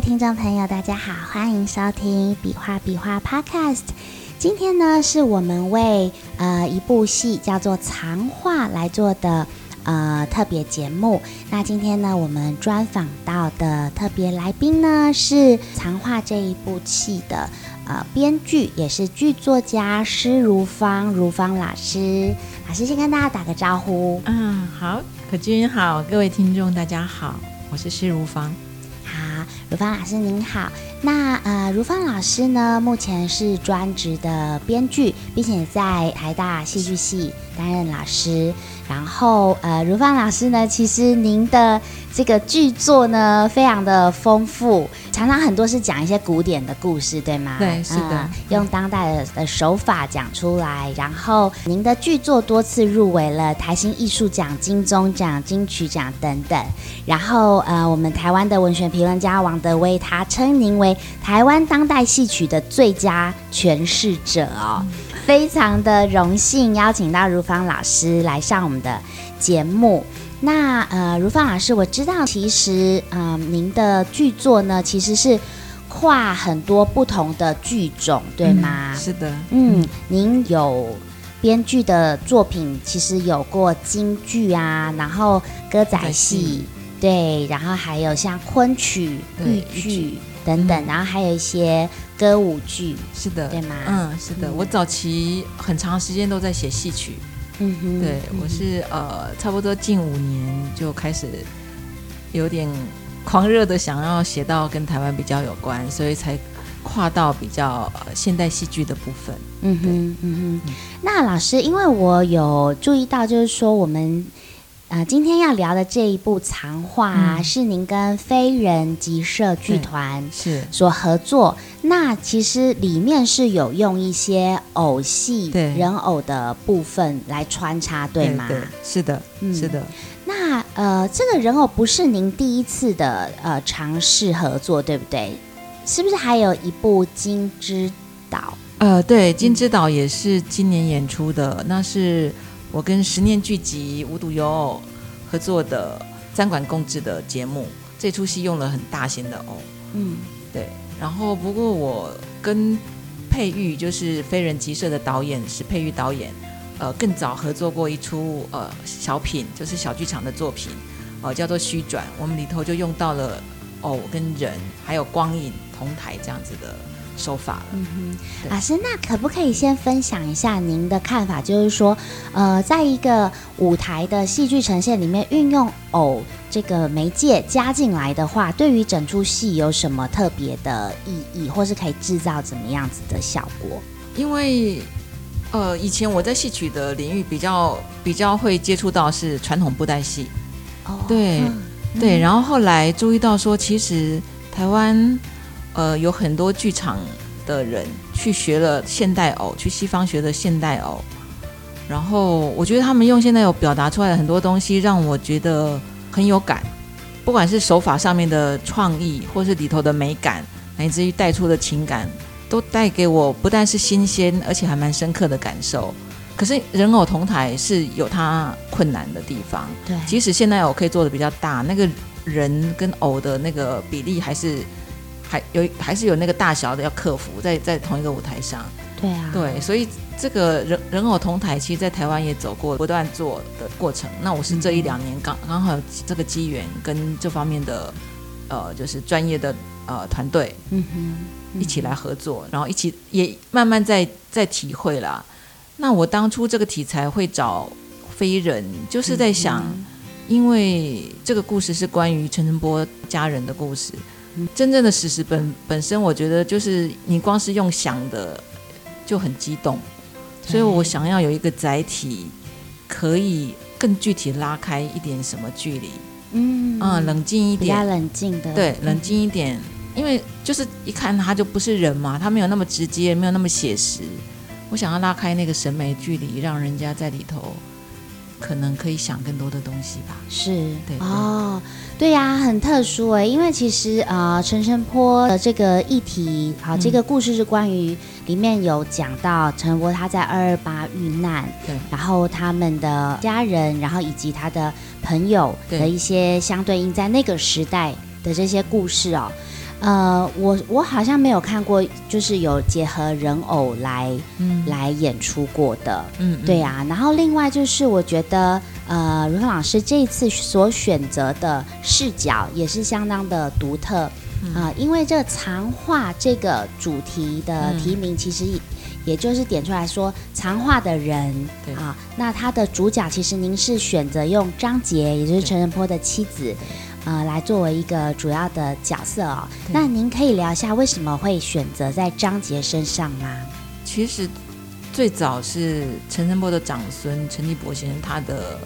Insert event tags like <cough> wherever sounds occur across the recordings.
聽眾朋友，大家好，歡迎收聽《比劃比畫》Podcast。今天呢，是我們為呃一部戲叫做《藏畫》來做的呃特別節目。那今天呢，我們專訪到的特別來賓呢，是《藏畫》這一部戲的呃編劇，也是劇作家施如芳，如芳老師。老師先跟大家打個招呼。嗯，好，可君好，各位聽眾大家好，我是施如芳。如芳老師，您好。那呃，如芳老師呢，目前是專職的編劇，並且在台大戲劇系擔任老師。然後呃，如芳老師呢，其實您的這個劇作呢，非常的豐富，常常很多是講一些古典的故事，對嗎？對，是的。呃嗯、用當代的手法講出來，然後您的劇作多次入圍了台新藝術獎、金鐘獎、金曲獎等等。然後呃，我們台灣的文學評論家王德威，他稱您為。台灣當代戲曲的最佳詮釋者哦，嗯、非常的榮幸邀請到如芳老師來上我們的節目。那呃，如芳老師，我知道其實嗯、呃，您的劇作呢其實是跨很多不同的劇種，對嗎？嗯、是的，嗯，您有編劇的作品，其實有過京劇啊，然後歌仔戲，嗯、對，然後還有像昆曲、豫對劇。等等，然後還有一些歌舞劇，是的，對嗎？嗯，是的，嗯、我早期很長時間都在寫戲曲，嗯哼，對，嗯、哼我是呃，差不多近五年就開始有點狂熱的想要寫到跟台灣比較有關，所以才跨到比較、呃、現代戲劇的部分。嗯哼，對嗯哼，嗯那老師，因為我有注意到，就是說我們。呃，今天要聊的這一部藏畫、啊嗯、是您跟飛人集社劇團是所合作，那其實裡面是有用一些偶戲對人偶的部分來穿插，對嗎？是的，是的。嗯、是的那呃，這個人偶不是您第一次的呃嘗試合作，對不對？是不是還有一部金之《金之島》？呃，對，《金之島》也是今年演出的，嗯、那是。我跟十年劇集無獨有偶合作的三館共製的節目，這出戲用了很大型的偶，嗯，對。然後不過我跟佩玉，就是飛人集社的導演石佩玉導演，呃，更早合作過一出呃小品，就是小劇場的作品，呃，叫做《虛轉》，我們裡頭就用到了偶跟人還有光影同台這樣子的手法了，嗯哼，老師對，那可不可以先分享一下您的看法？就是說，呃，在一個舞台的戲劇呈現裡面，運用偶、哦、這個媒介加進來的話，對於整出戲有什麼特別的意義，或是可以制造怎麼樣子的效果？因為，呃，以前我在戲曲的領域比較比較會接觸到是傳統布袋戲，哦，對對，然後後來注意到說，其實台灣。呃，有很多劇場的人去學了現代偶，去西方學的現代偶，然後我覺得他們用現代偶表達出來的很多東西，讓我覺得很有感。不管是手法上面的創意，或是裡頭的美感，乃至於帶出的情感，都帶給我不但是新鮮，而且還蠻深刻的感受。可是人偶同台是有它困難的地方，對，即使現代偶可以做得比較大，那個人跟偶的那個比例還是。還有還是有那個大小的要克服在，在在同一個舞台上，對啊，對，所以這個人人偶同台，其實，在台灣也走過不斷做的過程。那我是這一兩年剛，剛、嗯、哼剛好這個機緣，跟這方面的呃，就是專業的呃團隊嗯，嗯哼，一起來合作，然後一起也慢慢在在體會啦。那我當初這個題材會找飛人，就是在想，嗯、哼因為這個故事是關於陳澄，澄波家人的故事。真正的事實本本身，我覺得就是你光是用想的就很激動，對所以我想要有一個載體，可以更具體拉開一點什麼距離，嗯，啊、嗯，冷靜一點，比較冷靜的，對，冷靜一點，嗯、因為就是一看他就不是人嘛，他沒有那麼直接，沒有那麼寫實，我想要拉開那個審美距離，讓人家在裡頭。可能可以想更多的東西吧，是，是對，對哦，對呀，啊，很特殊哎，因為其實啊，陳、呃、澄波的這個議題，好，嗯，這個故事是關於裡面有講到陳澄波他在二二八遇難，對，然後他們的家人，然後以及他的朋友的一些相對應在那個時代的這些故事哦。呃，我我好像沒有看過，就是有結合人偶來，嗯、來演出過的，嗯，對啊。然後另外就是，我覺得，呃，如芳老師這一次所選擇的視角也是相當的獨特啊，嗯、呃，因為這藏畫這個主題的題名，其實也就是點出來說，嗯、藏畫的人吧啊。那他的主角其實您是選擇用張捷，也就是陳澄波的妻子。對呃，來作為一個主要的角色哦。那您可以聊一下為什麼會選擇在張捷身上嗎、啊？其實最早是陳澄波的長孫陳立博先生，他的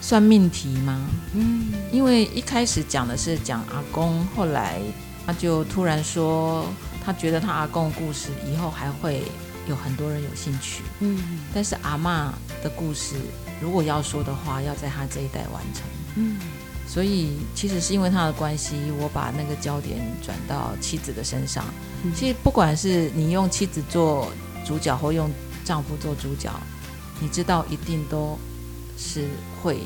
算命題嗎？嗯，因為一開始講的是講阿公，後來他就突然說，他覺得他阿公的故事以後還會有很多人有興趣。嗯，嗯，但是阿嬤的故事如果要說的話，要在他這一代完成。嗯。所以其實是因為他的關係，我把那個焦點轉到妻子的身上。其實不管是你用妻子做主角，或用丈夫做主角，你知道一定都是會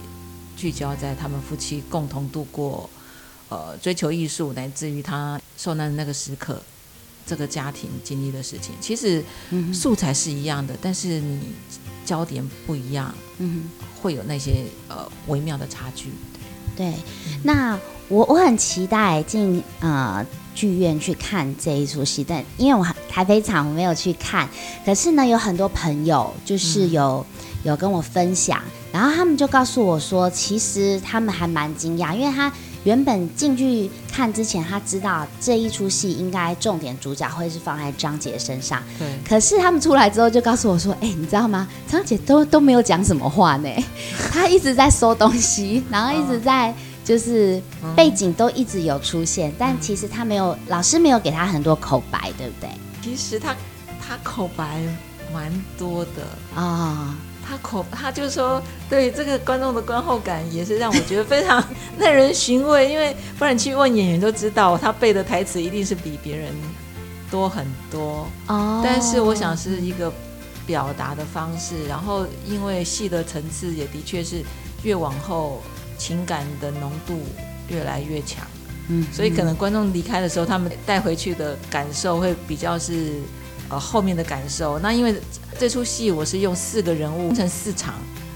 聚焦在他們夫妻共同度過呃追求藝術，乃至於他受難的那個時刻，這個家庭經歷的事情。其實素材是一樣的，但是你焦點不一樣，會有那些呃微妙的差距。對，那我我很期待進呃劇院去看這一出戲，但因為我台北場我沒有去看，可是呢有很多朋友就是有、嗯、有跟我分享，然後他們就告訴我說，其實他們還蠻驚訝，因為他。原本進去看之前，他知道這一出戲應該重點主角會是放在張捷身上。對可是他們出來之後就告訴我說：“哎、欸，你知道嗎？張捷都都沒有講什麼話呢， <laughs> 他一直在收東西，然後一直在、哦、就是、嗯、背景都一直有出現，但其實他沒有老師沒有給他很多口白，對不對？”其實他他口白蠻多的啊。哦他口，他就說，對這個觀眾的觀後感也是讓我覺得非常耐人尋味，因為不然去問演員都知道，他背的台詞一定是比別人多很多。哦，但是我想是一個表達的方式，然後因為戲的層次也的確是越往後情感的濃度越來越強，嗯，所以可能觀眾離開的時候，他們帶回去的感受會比較是。呃，後面的感受，那因為這齣戲我是用四個人物分、嗯、成四場，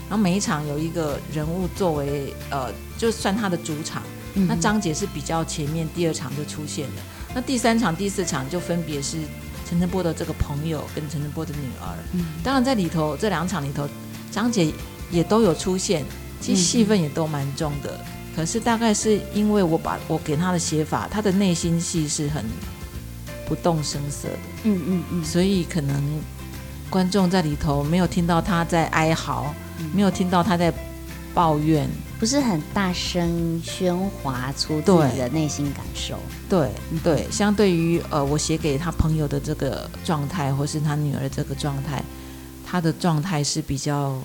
然後每一場有一個人物作為呃，就算他的主場。嗯、哼那張捷是比較前面第二場就出現的，那第三場、第四場就分別是陳澄波的這個朋友跟陳澄波的女兒。嗯、哼當然在裡頭這兩場裡頭，張捷也都有出現，其實戲份也都蠻重的。嗯、哼可是大概是因為我把我給她的寫法，她的內心戲是很。不動聲色的，嗯嗯嗯，嗯嗯，所以可能觀眾在裡頭沒有聽到他在哀嚎，嗯、沒有聽到他在抱怨，不是很大聲喧嘩出自己的內心感受。對、嗯、對，對，相對於呃，我寫給他朋友的這個狀態，或是他女兒這個狀態，他的狀態是比較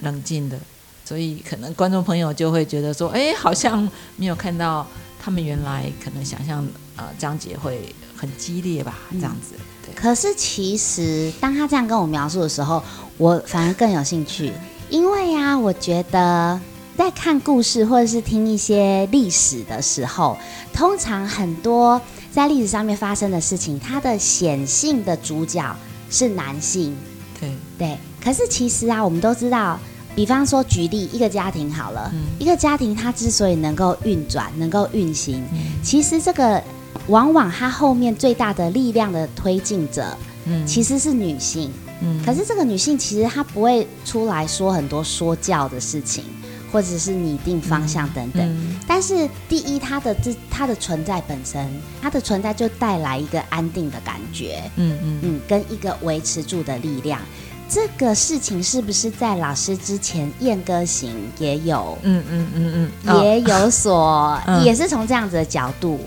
冷靜的，所以可能觀眾朋友就會覺得說，哎、欸，好像沒有看到他們原來可能想象啊，張、呃、捷會。很激烈吧，這樣子。嗯、對。可是其實，當他這樣跟我描述的時候，我反而更有興趣，嗯、因為啊，我覺得在看故事或者是聽一些歷史的時候，通常很多在歷史上面發生的事情，它的顯性的主角是男性。對。對。可是其實啊，我們都知道，比方說舉例一個家庭好了，嗯、一個家庭它之所以能夠運轉、能夠運行，嗯、其實這個。往往他後面最大的力量的推進者，嗯，其實是女性，嗯，可是這個女性其實她不會出來說很多說教的事情，或者是擬定方向等等。嗯嗯、但是第一，她的這她的存在本身，她的存在就帶來一個安定的感覺，嗯嗯嗯，跟一個維持住的力量。這個事情是不是在老師之前燕歌行也有？嗯嗯嗯嗯，嗯嗯嗯嗯也有所，嗯、也是從這樣子的角度。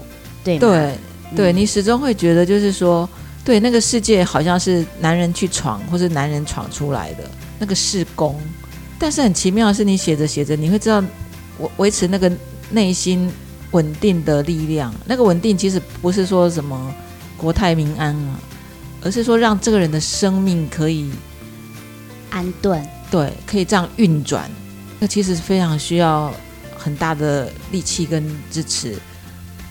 對對，對嗯、你始終會覺得，就是說，對那個世界好像是男人去闖，或是男人闖出來的那個事功。但是很奇妙的是，你寫着寫着，你會知道，維維持那個內心穩定的力量，那個穩定其實不是說什麼國泰民安啊，而是說讓這個人的生命可以安頓，對，可以這樣運轉。那其實是非常需要很大的力氣跟支持。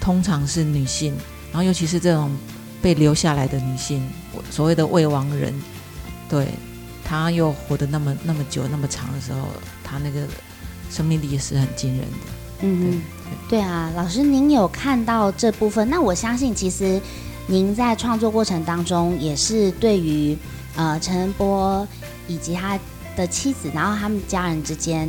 通常是女性，然後尤其是這種被留下來的女性，所謂的未亡人，對，她又活得那麼那麼久那麼長的時候，她那個生命力也是很驚人的。對對嗯嗯，對啊，老師您有看到這部分。那我相信其實您在創作過程當中也是對於呃陳澄波以及他的妻子，然後他們家人之間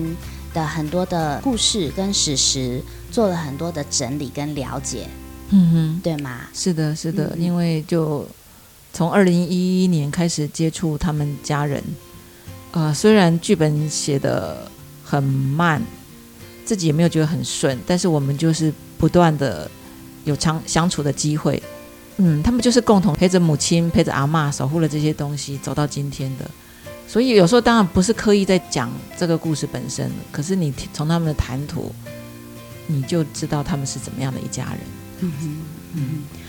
的很多的故事跟史實。做了很多的整理跟了解，嗯哼，對嗎？是的，是的，嗯哼，因為就從二零一一年開始接觸他們家人，呃，雖然劇本寫得很慢，自己也沒有覺得很順，但是我們就是不斷的有相相處的機會，嗯，他們就是共同陪着母親、陪着阿嬤，守護了這些東西，走到今天的。所以有時候當然不是刻意在講這個故事本身，可是你從他們的談吐。你就知道他們是怎麼樣的一家人。嗯哼嗯嗯，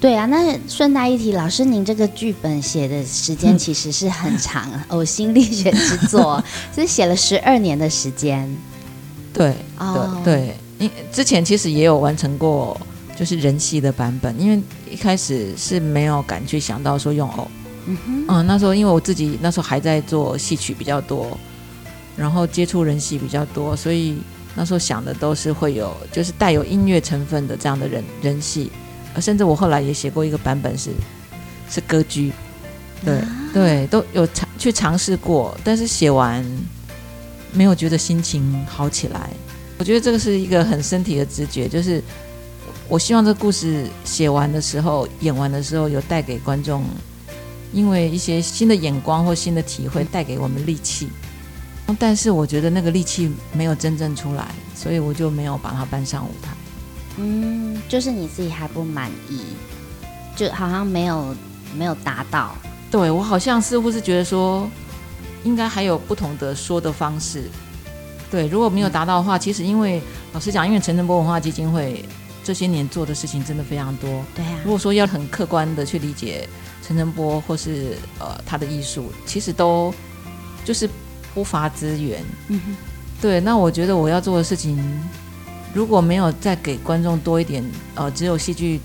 對啊。那順帶一提，老師您這個劇本寫的時間其實是很長，嘔心瀝血之作， <laughs> 是寫了十二年的時間。對，哦，對，因之前其實也有完成過，就是人戲的版本，因為一開始是沒有敢去想到說用偶。嗯哼。嗯，那時候因為我自己那時候還在做戲曲比較多，然後接觸人戲比較多，所以。那時候想的都是會有，就是帶有音樂成分的這樣的人人戲，而甚至我後來也寫過一個版本是是歌劇，對、啊、對，都有嘗去嘗試過，但是寫完沒有覺得心情好起來。我覺得這個是一個很身體的直覺，就是我希望這個故事寫完的時候、演完的時候，有帶給觀眾因為一些新的眼光或新的體會，帶給我們力氣。但是我覺得那個力氣沒有真正出來，所以我就沒有把它搬上舞台。嗯，就是你自己還不滿意，就好像沒有沒有達到。對，我好像似乎是覺得說，應該還有不同的說的方式。對，如果沒有達到的話，嗯、其實因為老實講，因為陳澄，澄波文化基金會這些年做的事情真的非常多。對呀、啊。如果說要很客觀的去理解陳澄，澄波或是呃他的藝術，其實都就是。不乏資源，嗯、哼對。那我覺得我要做的事情，如果沒有再給觀眾多一點，呃，只有戲劇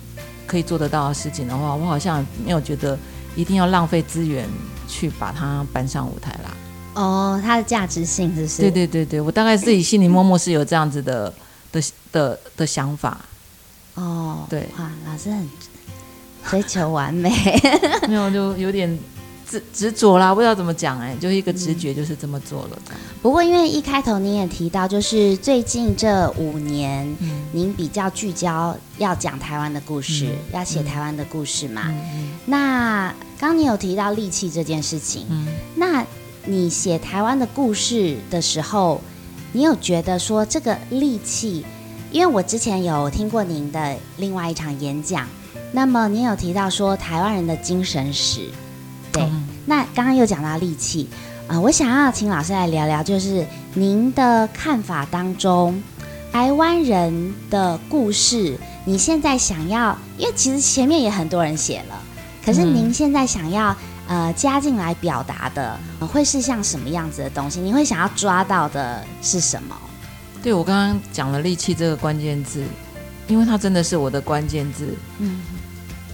可以做得到的事情的話，我好像沒有覺得一定要浪費資源去把它搬上舞台啦。哦，它的價值性，是不是？對對對對，我大概自己心裡默默是有這樣子的 <laughs> 的的的想法。哦，對，哇，老師很追求完美， <laughs> <laughs> 沒有就有點。執執着啦，不知道怎麼講哎，欸，就是一個直覺，就是這麼做了。嗯、樣不過因為一開頭您也提到，就是最近這五年，嗯、您比較聚焦要講台灣的故事，嗯、要寫台灣的故事嘛。嗯嗯、那剛你有提到利器這件事情，嗯、那你寫台灣的故事的時候，你有覺得說這個利器，因為我之前有聽過您的另外一場演講，那麼您有提到說台灣人的精神史。嗯、那剛剛又講到力氣啊，我想要請老師來聊聊，就是您的看法當中，台灣人的故事，你現在想要，因為其實前面也很多人寫了，可是您現在想要、嗯、呃加進來表達的、呃，會是像什麼樣子的東西？你會想要抓到的是什麼？對，我剛剛講了力氣這個關鍵字，因為它真的是我的關鍵字。嗯。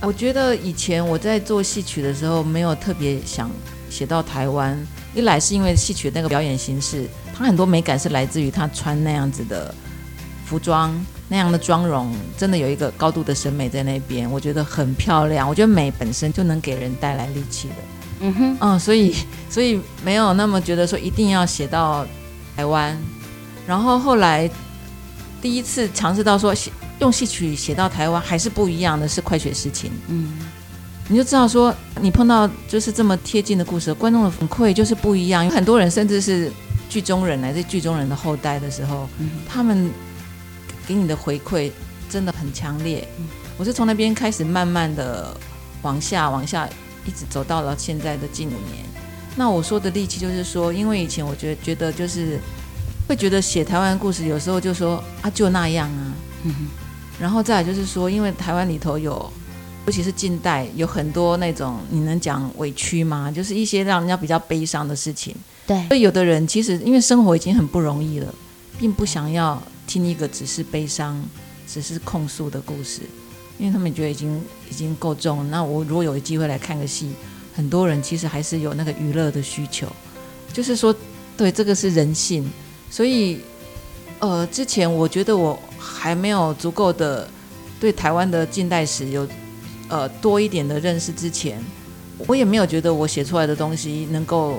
我覺得以前我在做戲曲的時候，沒有特別想寫到台灣。一來是因為戲曲的那個表演形式，它很多美感是來自於它穿那樣子的服裝、那樣的妝容，真的有一個高度的審美在那邊，我覺得很漂亮。我覺得美本身就能給人帶來力氣的，嗯哼，嗯，所以所以沒有那麼覺得說一定要寫到台灣。然後後來第一次嘗試到說寫。用戲曲寫到台灣還是不一樣的是快雪時晴。嗯，你就知道說你碰到就是這麼貼近的故事，觀眾的反饋就是不一樣。有很多人甚至是劇中人，來自劇中人的後代的時候，嗯、哼他們給你的回饋真的很強烈。嗯、我是從那邊開始慢慢的往下，往下一直走到了現在的近五年。那我說的力氣就是說，因為以前我覺得覺得就是會覺得寫台灣故事有時候就說，啊，就那樣啊。嗯然後再來就是說，因為台灣裡頭有，尤其是近代有很多那種，你能講委屈嗎？就是一些讓人家比較悲傷的事情。對，所以有的人其實因為生活已經很不容易了，並不想要聽一個只是悲傷、只是控訴的故事，因為他們覺得已經已經夠重。那我如果有機會來看個戲，很多人其實還是有那個娛樂的需求，就是說，對，這個是人性，所以。呃，之前我覺得我還沒有足夠的對台灣的近代史有呃多一點的認識，之前我也沒有覺得我寫出來的東西能夠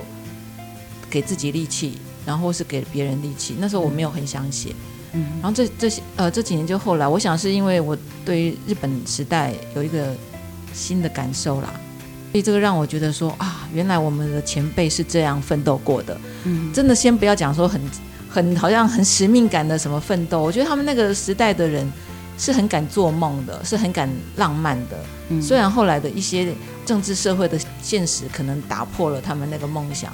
給自己力氣，然後是給別人力氣。那時候我沒有很想寫，嗯。然後這這些呃這幾年就後來，我想是因為我對於日本時代有一個新的感受啦，所以這個讓我覺得說啊，原來我們的前輩是這樣奮鬥過的，嗯。真的，先不要講說很。很好像很使命感的什麼奮鬥，我覺得他們那個時代的人是很敢做夢的，是很敢浪漫的。嗯、雖然後來的一些政治社會的現實可能打破了他們那個夢想，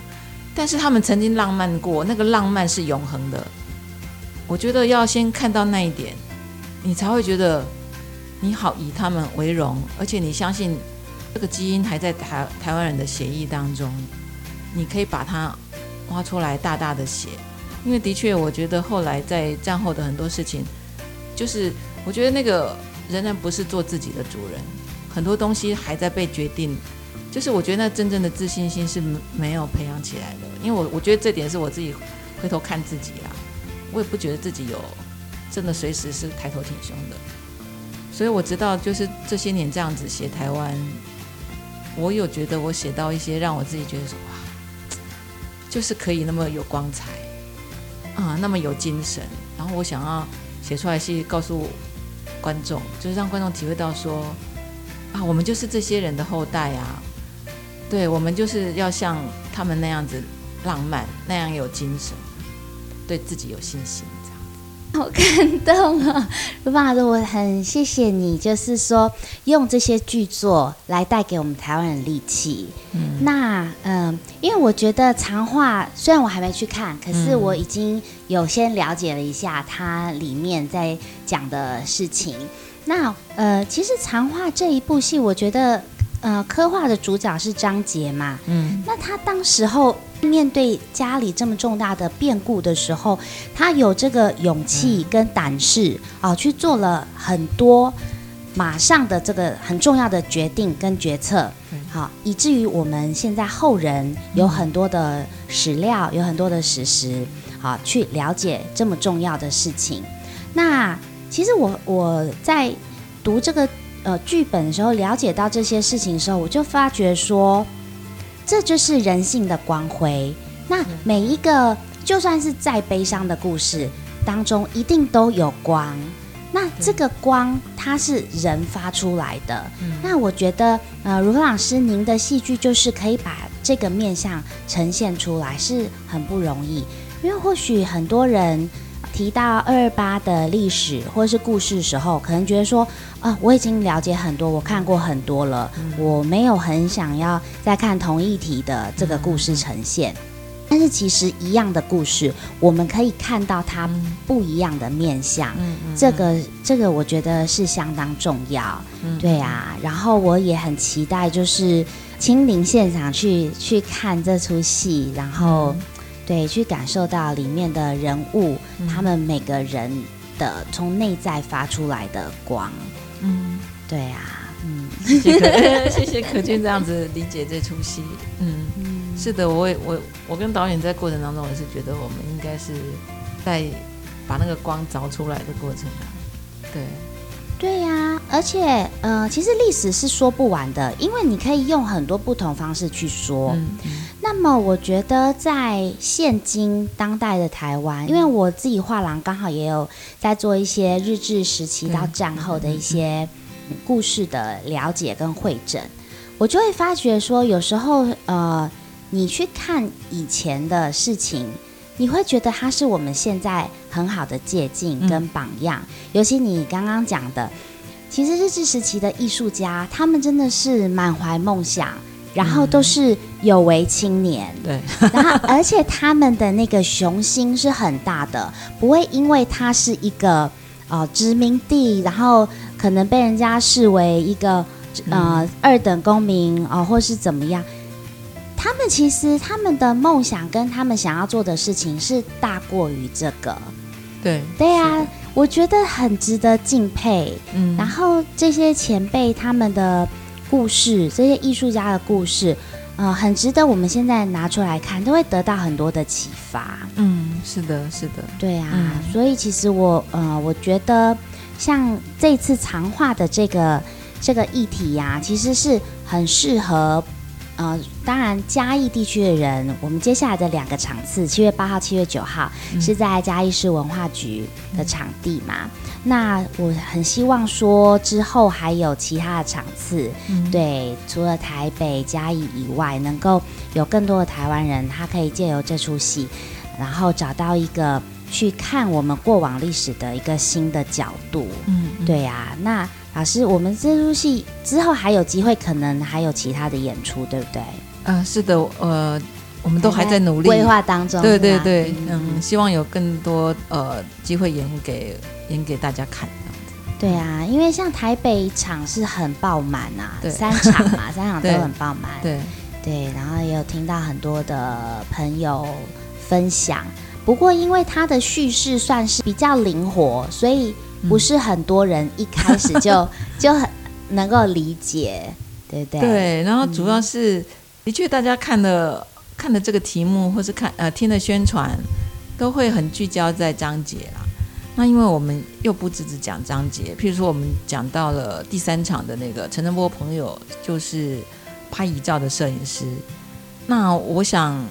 但是他們曾經浪漫過，那個浪漫是永恆的。我覺得要先看到那一點，你才會覺得你好以他們為榮，而且你相信這個基因還在台台灣人的血液當中，你可以把它挖出來，大大的寫。因為的確，我覺得後來在戰後的很多事情，就是我覺得那個仍然不是做自己的主人，很多東西還在被決定。就是我覺得那真正的自信心是沒有培養起來的。因為我我覺得這點是我自己回頭看自己啦，我也不覺得自己有真的隨時是抬頭挺胸的。所以我知道，就是這些年這樣子寫台灣，我有覺得我寫到一些讓我自己覺得說哇，就是可以那麼有光彩。啊、嗯，那麼有精神，然後我想要寫出來是告訴觀眾，就是讓觀眾體會到說，啊，我們就是這些人的後代啊，對，我們就是要像他們那樣子浪漫，那樣有精神，對自己有信心。好感動啊、哦，盧爸的，我很謝謝你，就是說用這些劇作來帶給我們台灣人力氣。嗯那嗯、呃，因為我覺得藏畫雖然我還沒去看，可是我已經有先了解了一下它裡面在講的事情。那呃，其實藏畫這一部戲，我覺得呃，刻畫的主角是張捷嘛，嗯，那他當時候，面對家裡這麼重大的變故的時候，他有這個勇氣跟膽識啊，去做了很多馬上的這個很重要的決定跟決策，好、啊，以至於我們現在後人有很多的史料，有很多的史實，好、啊、去了解這麼重要的事情。那其實我我在讀這個呃劇本的時候，了解到這些事情的時候，我就發覺說。這就是人性的光輝。那每一個，就算是再悲傷的故事當中，一定都有光。那這個光，它是人發出來的。那我覺得，呃，如芳老師，您的戲劇就是可以把這個面相呈現出來，是很不容易。因為或許很多人。提到二二八的歷史或是故事時候，可能覺得說啊，我已經了解很多，我看過很多了，嗯、我沒有很想要再看同一題的這個故事呈現。嗯嗯嗯、但是其實一樣的故事，我們可以看到它不一樣的面向。這個、嗯嗯嗯、這個，這個、我覺得是相當重要。嗯、對啊，然後我也很期待，就是親臨現場去去看這齣戲，然後。嗯對，去感受到裡面的人物，嗯、他們每個人的從內在發出來的光，嗯，對啊，嗯，謝謝可， <laughs> 謝謝可君這樣子理解這出戲，嗯，嗯，是的，我也我我跟導演在過程當中也是覺得我們應該是在把那個光鑿出來的過程啊，對，對呀、啊，而且呃，其實歷史是說不完的，因為你可以用很多不同方式去說。嗯那麼，我覺得在現今當代的台灣，因為我自己畫廊剛好也有在做一些日治時期到戰後的一些故事的了解跟彙整，嗯嗯、我就會發覺說，有時候呃，你去看以前的事情，你會覺得它是我們現在很好的借鏡跟榜樣。嗯、尤其你剛剛講的，其實日治時期的藝術家，他們真的是滿懷夢想，然後都是。有為青年，對， <laughs> 然後而且他們的那個雄心是很大的，不會因為他是一個呃殖民地，然後可能被人家視為一個呃、嗯、二等公民哦、呃，或是怎麼樣，他們其實他們的夢想跟他們想要做的事情是大過於這個，對對啊，是的，我覺得很值得敬佩，嗯，然後這些前輩他們的故事，這些藝術家的故事。啊、呃，很值得我們現在拿出來看，都會得到很多的啟發。嗯，是的，是的，對啊。嗯、所以其實我呃，我覺得像這次藏畫的這個這個議題呀、啊，其實是很適合呃，當然嘉義地區的人。我們接下來的兩個場次，七月八號、七月九號，嗯、是在嘉義市文化局的場地嘛？嗯。那我很希望說，之後還有其他的場次，嗯、對，除了台北嘉義以外，能夠有更多的台灣人，他可以借由這出戲，然後找到一個去看我們過往歷史的一個新的角度。嗯，嗯對啊。那老師，我們這出戲之後還有機會，可能還有其他的演出，對不對？嗯、呃，是的，呃。我們都還在努力規劃當中，對對對，嗯，嗯，嗯，嗯，希望有更多呃機會演給演給大家看。對啊，因為像台北場是很爆滿啊，對三場嘛， <laughs> 對三場都很爆滿。對對，然後也有聽到很多的朋友分享。不過因為它的敘事算是比較靈活，所以不是很多人一開始就、嗯、 <laughs> 就很能夠理解，對不對？對，然後主要是、嗯、的確大家看了。看的這個題目，或是看呃聽的宣傳，都會很聚焦在張捷啦。那因為我們又不只只講張捷，譬如說我們講到了第三場的那個陳澄波朋友，就是拍遺照的攝影師。那我想，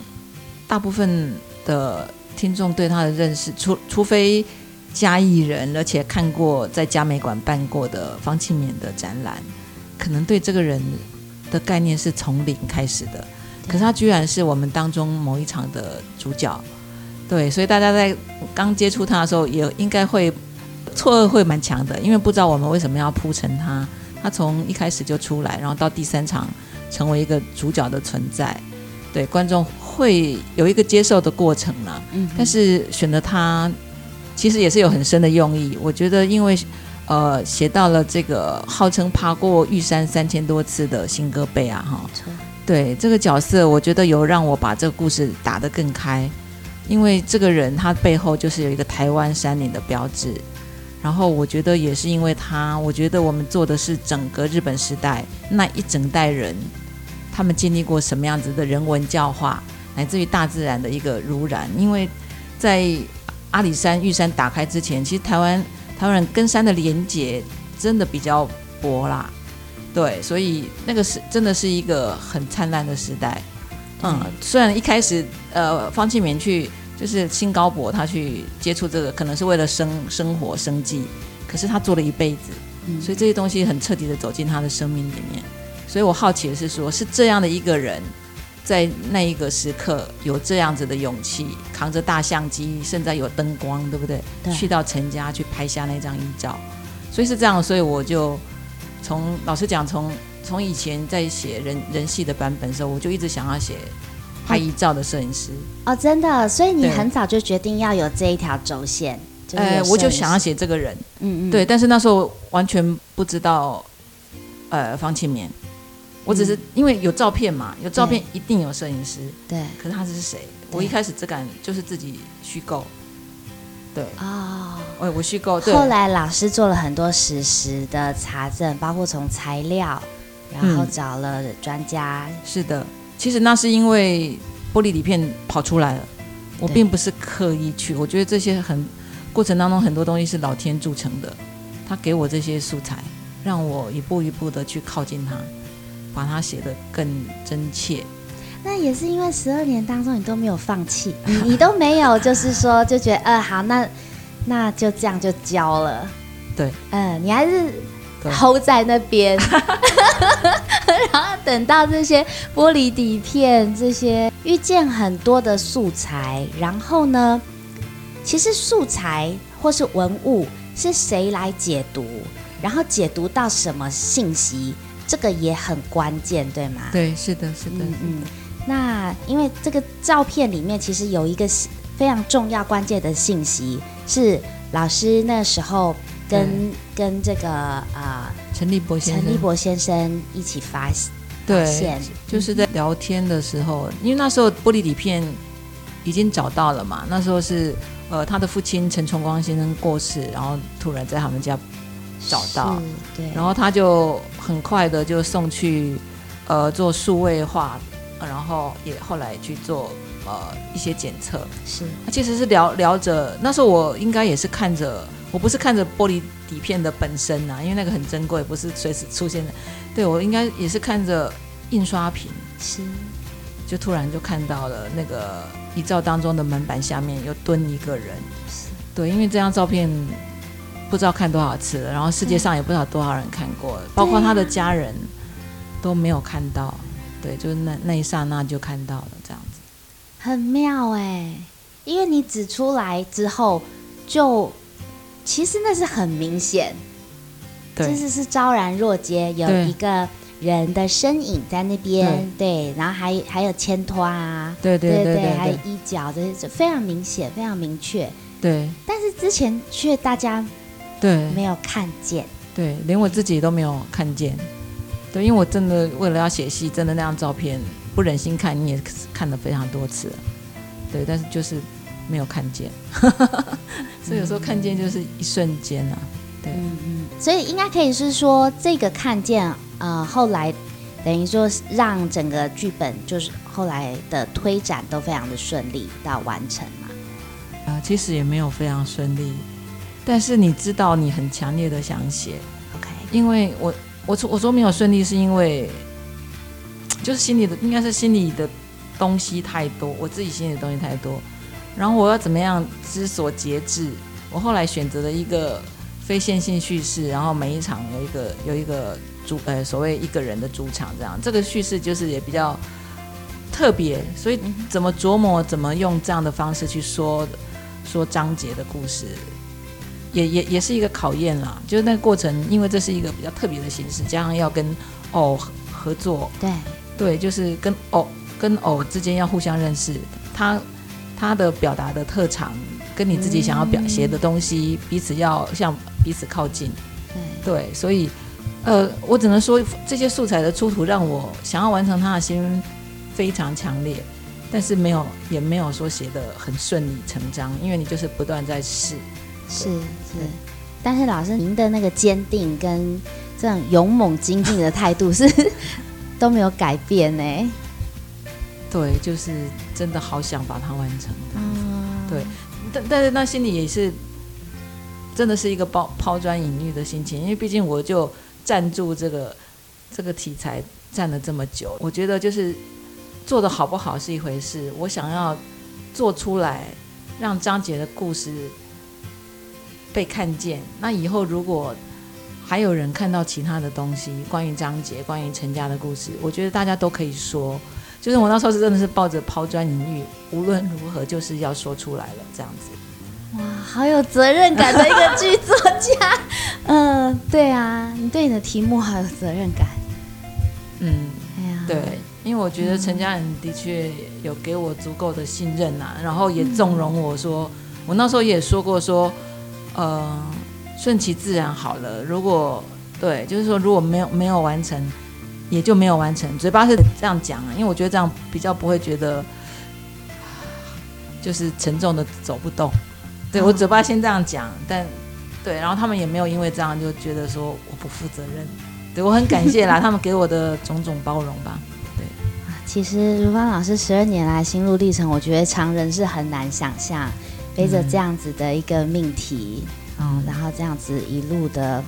大部分的聽眾對他的認識，除除非嘉義人，而且看過在嘉美館辦過的方慶綿的展覽，可能對這個人的概念是從零開始的。對可是他居然是我們當中某一場的主角，對，所以大家在剛接觸他的時候，也應該會錯愕會蠻強的，因為不知道我們為什麼要鋪陳他。他從一開始就出來，然後到第三場成為一個主角的存在，對，觀眾會有一個接受的過程了、啊。嗯哼。但是選擇他其實也是有很深的用意，我覺得因為呃寫到了這個號稱爬過玉山三千多次的新高伯啊，哈。對這個角色，我覺得有讓我把這個故事打得更開，因為這個人他背後就是有一個台灣山林的標誌，然後我覺得也是因為他，我覺得我們做的是整個日本時代那一整代人，他們經歷過什麼樣子的人文教化，來自於大自然的一個濡染，因為在阿里山玉山打開之前，其實台灣台灣人跟山的連結真的比較薄啦。對，所以那個是真的是一個很燦爛的時代，嗯，對雖然一開始呃，方慶綿去就是新高伯他去接觸這個，可能是為了生生活生計，可是他做了一輩子，嗯、所以這些東西很徹底的走進他的生命裡面。所以我好奇的是說，是這樣的一個人，在那一個時刻有這樣子的勇氣，扛着大相機，甚至有燈光，對不對？對，去到陳家去拍下那張遺照，所以是這樣，所以我就。從老實講，從從以前在寫人人戲的版本的時候，我就一直想要寫拍遺照的攝影師哦。對哦，真的，所以你很早就決定要有這一條軸線。哎、就是呃，我就想要寫這個人，嗯嗯，對，但是那時候完全不知道，呃，方慶綿，我只是、嗯、因為有照片嘛，有照片一定有攝影師，對，可是他是誰？對我一開始只敢就是自己虛構，對啊。哦欸、我無虛構。對。後來老師做了很多實時的查證，包括從材料，然後找了專家。嗯、是的，其實那是因為玻璃底片跑出來了，我並不是刻意去。對我覺得這些很，過程當中很多東西是老天鑄成的，他給我這些素材，讓我一步一步地去靠近他，把它寫得更真切。那也是因為十二年當中你都沒有放棄，你你都沒有就是說 <laughs> 就覺得，呃，好，那。那就這樣就交了，對，嗯，你還是 hold 在那邊，對 <laughs> <laughs> 然後等到這些玻璃底片，這些遇見很多的素材，然後呢，其實素材或是文物是誰來解讀，然後解讀到什麼信息，這個也很關鍵，對嗎？對，是的，是的，是的，嗯，那因為這個照片裡面其實有一個非常重要關鍵的信息，是老師那時候跟對跟這個啊、呃、陳立博陳立博先生一起發，對發現，對，就是在聊天的時候，嗯、因為那時候玻璃底片已經找到了嘛，那時候是呃他的父親陳崇光先生過世，然後突然在他們家找到，對，然後他就很快地就送去呃做數位化，然後也後來去做。呃，一些檢測是、啊，其實是聊聊着，那時候我應該也是看着，我不是看着玻璃底片的本身吶、啊，因為那個很珍貴，也不是隨時出現的，對，我應該也是看着印刷品，是，就突然就看到了那個遺照當中的門板下面又蹲一個人，是，對，因為這張照片不知道看多少次了，然後世界上也不知道多少人看過，嗯、包括他的家人都沒有看到，對，就是那那一剎那就看到了這樣。很妙哎、欸，因為你指出來之後就，就其實那是很明顯，對，甚是，是昭然若揭，有一個人的身影在那邊，對，對，然後還還有牽托啊，對，對對對對，還有衣角，對對對對，就是非常明顯，非常明確，對。但是之前卻大家對沒有看見對，對，連我自己都沒有看見，對，因為我真的為了要寫戲，真的那張照片。不忍心看，你也看了非常多次，對，但是就是沒有看見， <laughs> 所以有時候看見就是一瞬間啊，對，嗯、所以應該可以是說這個看見，呃，後來等於說讓整個劇本就是後來的推展都非常的順利到完成嘛，啊、呃，其實也沒有非常順利，但是你知道你很強烈的想寫，OK，因為我我我說沒有順利是因為。就是心裡的應該是心裡的東西太多，我自己心裡的東西太多，然後我要怎麼樣知所節制？我後來選擇了一個非線性敘事，然後每一場有一個有一個主呃所謂一個人的主場這樣，這個敘事就是也比較特別，所以怎麼琢磨怎麼用這樣的方式去說說張捷的故事，也也也是一個考驗啦。就是那個過程，因為這是一個比較特別的形式，加上要跟哦合作對。對，就是跟偶跟偶之間要互相認識，他他的表達的特長跟你自己想要表寫的東西，彼此要向彼此靠近。對，對，所以，呃，我只能說這些素材的出土讓我想要完成他的心非常強烈，但是沒有也沒有說寫得很順理成章，因為你就是不斷在試，是是。是嗯、但是老師您的那個堅定跟這種勇猛精進的態度是。 <laughs> 都沒有改變呢。對，就是真的好想把它完成的。的、嗯、對，但但是那心裡也是，真的是一個拋拋磚引玉的心情，因為畢竟我就站住這個這個題材站了這麼久，我覺得就是做的好不好是一回事，我想要做出來讓張捷的故事被看見。那以後如果，還有人看到其他的東西，關於張捷、關於陳家的故事，我覺得大家都可以說。就是我那時候是真的是抱着拋磚引玉，無論如何就是要說出來了這樣子。哇，好有責任感的一個劇作家。嗯、 <laughs> 呃，對啊，你對你的題目好有責任感。嗯，哎、呀對，因為我覺得陳家人的確有給我足夠的信任吶、啊，然後也縱容我說，我那時候也說過說，呃。順其自然好了。如果對，就是說，如果沒有沒有完成，也就沒有完成。嘴巴是這樣講啊，因為我覺得這樣比較不會覺得就是沉重的走不動。對我嘴巴先這樣講，哦、但對，然後他們也沒有因為這樣就覺得說我不負責任。對我很感謝啦， <laughs> 他們給我的種種包容吧。對，其實如芳老師十二年來心路歷程，我覺得常人是很難想象，背着這樣子的一個命題。嗯哦、然後這樣子一路的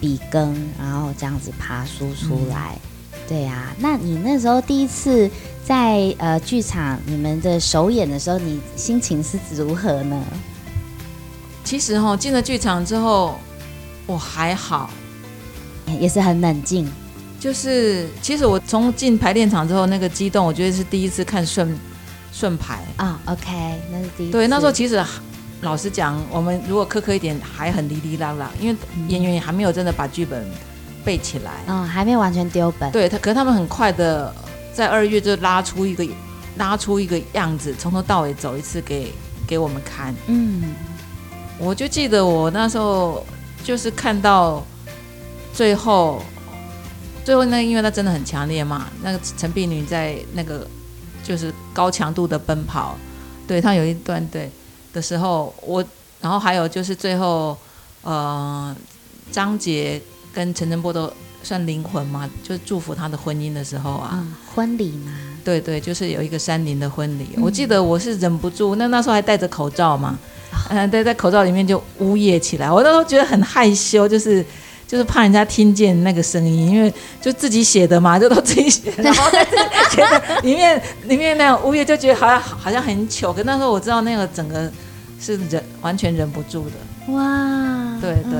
筆耕，然後這樣子爬梳出來，嗯、對啊，那你那時候第一次在呃劇場你們的首演的時候，你心情是如何呢？其實哈、哦，進了劇場之後我、哦、還好，也是很冷靜。就是其實我從進排練場之後，那個激動，我覺得是第一次看順順排啊、哦。OK，那是第一次。對，那時候其實。老實講，我們如果苛刻一點，還很哩哩啦啦，因為演員也還沒有真的把劇本背起來，嗯，嗯，還沒完全丟本。對他，可是他們很快的在二月就拉出一個拉出一個樣子，從頭到尾走一次給給我們看。嗯，我就記得我那時候就是看到最後，最後那因為他真的很強烈嘛，那個陳碧女在那個就是高強度的奔跑，對，她有一段對。的時候，我然後還有就是最後，呃，張捷跟陳澄波都算靈魂嘛，就是祝福他的婚姻的時候啊，嗯、婚禮嘛，對對，就是有一個山林的婚禮。嗯、我記得我是忍不住，那那時候還戴着口罩嘛，嗯、呃，在在口罩裡面就嗚咽起來。我那時候覺得很害羞，就是。就是怕人家聽見那個聲音，因為就自己寫的嘛，就都自己寫的，然後寫裡面裡面那樣，吳越就覺得好像好像很糗。可那時候我知道那個整個是忍完全忍不住的哇，對對，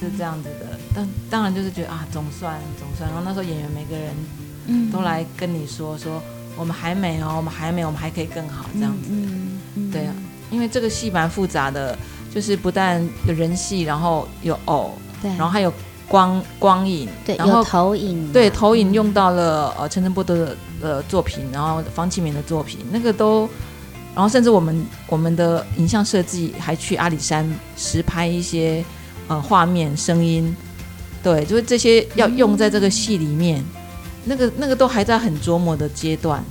是、嗯、這樣子的。當當然就是覺得啊，總算總算。然後那時候演員每個人都來跟你說、嗯、說，我們還沒哦，我們還沒，我們還可以更好這樣子的。嗯嗯嗯、對啊，因為這個戲蠻複雜的，就是不但有人戲，然後有偶、哦。對然後還有光光影，對，然後投影，啊，對，投影用到了呃陳澄波的，呃、作品，然後方啟明的作品，那個都，然後甚至我們我們的影像設計還去阿里山實拍一些呃畫面聲音，對，就是這些要用在這個戲裡面，嗯、那個那個都還在很琢磨的階段，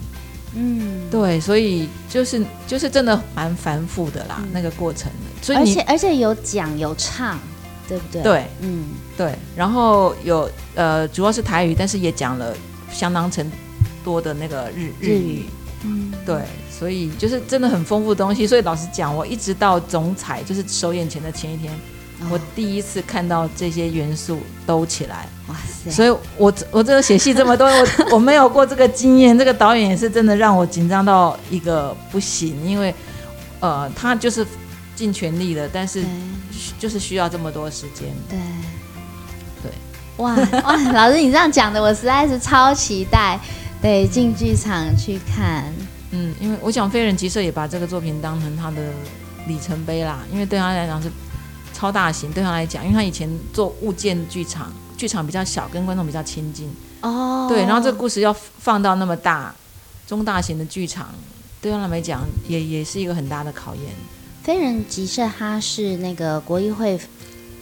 嗯，對，所以就是就是真的蠻繁複的啦、嗯、那個過程，所以而且而且有講有唱。對不對？對，嗯，對，然後有呃，主要是台語，但是也講了相當成多的那個日日語，日語嗯，對，所以就是真的很豐富的東西。所以老實講，我一直到總彩就是首演前的前一天，哦、我第一次看到這些元素兜起來，哇塞！所以我我這個寫戲這麼多， <laughs> 我我沒有過這個經驗。這個導演也是真的讓我緊張到一個不行，因為呃，他就是。盡全力的，但是對就是需要這麼多時間。對對，對哇哇，老師你這樣講的，我實在是超期待， <laughs> 對，進劇場去看。嗯，因為我想飛人集社也把這個作品當成他的里程碑啦，因為對他來講是超大型，對他來講，因為他以前做物件劇場，劇場比較小，跟觀眾比較親近。哦。對，然後這個故事要放到那麼大中大型的劇場，對他來講也也是一個很大的考驗。飛人集社，他是那個國藝會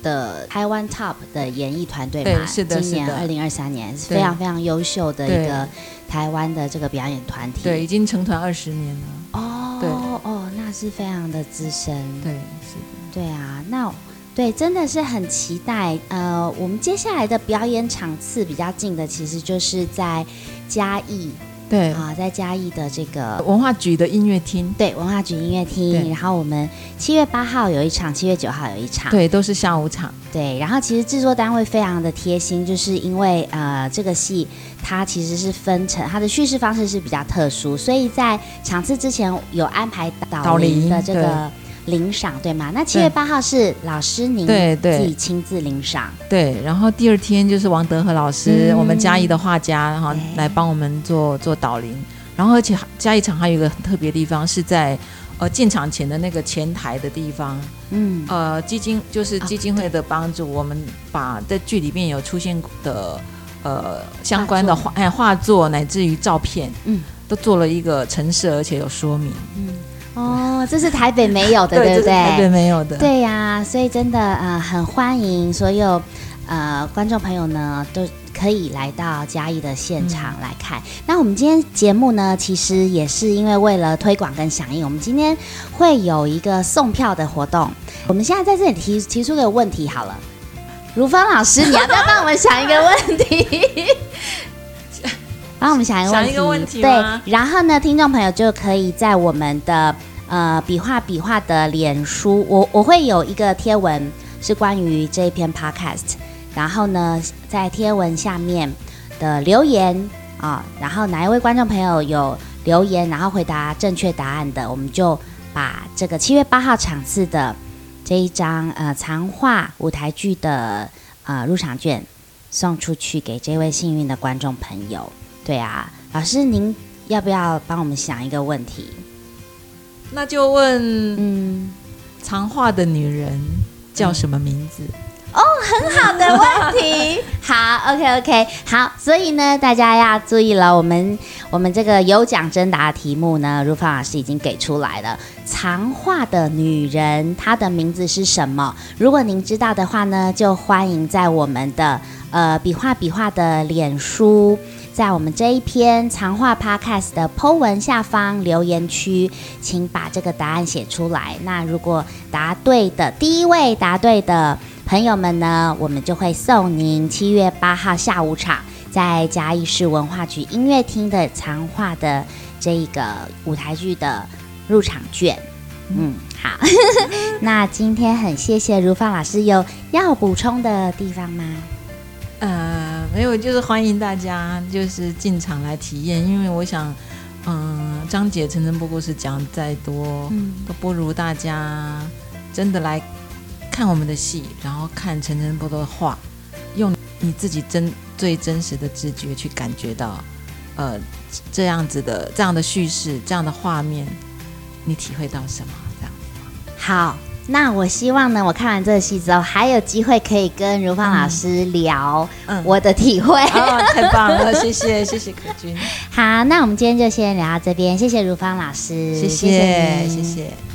的台灣 TOP 的演藝團隊嘛？是的。是的，今年二零二三年，是對非常非常優秀的一個台灣的這個表演團體對。對，已經成團二十年了。哦，哦，哦，那是非常的資深。對，是的，對啊，那對真的是很期待。呃，我們接下來的表演場次比較近的，其實就是在嘉義。對啊，在嘉義的這個文化局的音樂廳，對文化局音樂廳，然後我們七月八號有一場，七月九號有一場，對，都是下午場。對，然後其實製作單位非常的貼心，就是因為呃這個戲它其實是分成它的敘事方式是比較特殊，所以在場次之前有安排導聆的這個。領賞對嗎？那七月八號是對老師您對對，自己親自領賞對，對，對，然後第二天就是王德和老師，嗯、我們嘉義的畫家、嗯、然後來幫我們做、哎、做導聆，然後而且嘉義場還有一個很特別的地方是在呃進場前的那個前台的地方，嗯呃基金就是基金會的幫助，哦、我們把在劇裡面有出現的呃相關的畫、哎、畫作乃至於照片，嗯，都做了一個陳設，而且有說明，嗯。哦，這是台北沒有的，對，對不對？是台北沒有的，對呀、啊，所以真的啊、呃，很歡迎所有呃觀眾朋友呢，都可以來到嘉義的現場來看。嗯、那我們今天節目呢，其實也是因為為了推廣跟響應，我們今天會有一個送票的活動。我們現在在這裡提提出個問題好了，如芳老師，你要不要幫我們想一個問題？ <laughs> 然後、啊、我們想一個問題，問題對，然後呢，聽眾朋友就可以在我們的呃“比劃比畫”的臉書，我我會有一個貼文是關於這一篇 podcast，然後呢，在貼文下面的留言啊，然後哪一位觀眾朋友有留言，然後回答正確答案的，我們就把這個七月八號場次的這一張呃藏畫舞台劇的呃入場券送出去給這位幸運的觀眾朋友。對啊，老師，您要不要幫我們想一個問題？那就問，嗯，藏畫的女人叫什麼名字？哦，很好的問題。 <laughs> 好，OK，OK，、okay okay, 好。所以呢，大家要注意了，我們我們這個有獎徵答題目呢，如芳老師已經給出來了。藏畫的女人，她的名字是什麼？如果您知道的話呢，就歡迎在我們的呃比劃比畫的臉書。在我們這一篇藏畫 Podcast 的剖 po 文下方留言區，請把這個答案寫出來。那如果答對的第一位答對的朋友們呢，我們就會送您七月八號下午場在嘉義市文化局音樂廳的藏畫的這一個舞台劇的入場券。嗯，嗯，好。 <laughs> 那今天很謝謝如芳老師，有要補充的地方嗎？呃。沒有，就是歡迎大家，就是進場來體驗。因為我想，嗯，張捷陳澄波故事講再多，嗯，都不如大家真的來看我們的戲，然後看陳澄波的畫，用你自己真最真實的直覺去感覺到，呃，這樣子的這樣的敘事，這樣的畫面，你體會到什麼？這樣好。那，我希望呢，我看完這個戲之後，還有機會可以跟如芳老師聊我的體會。好、嗯嗯哦，太棒了， <laughs> 謝謝，謝謝可君。好，那我們今天就先聊到這邊，謝謝如芳老師，謝謝，謝謝，謝謝。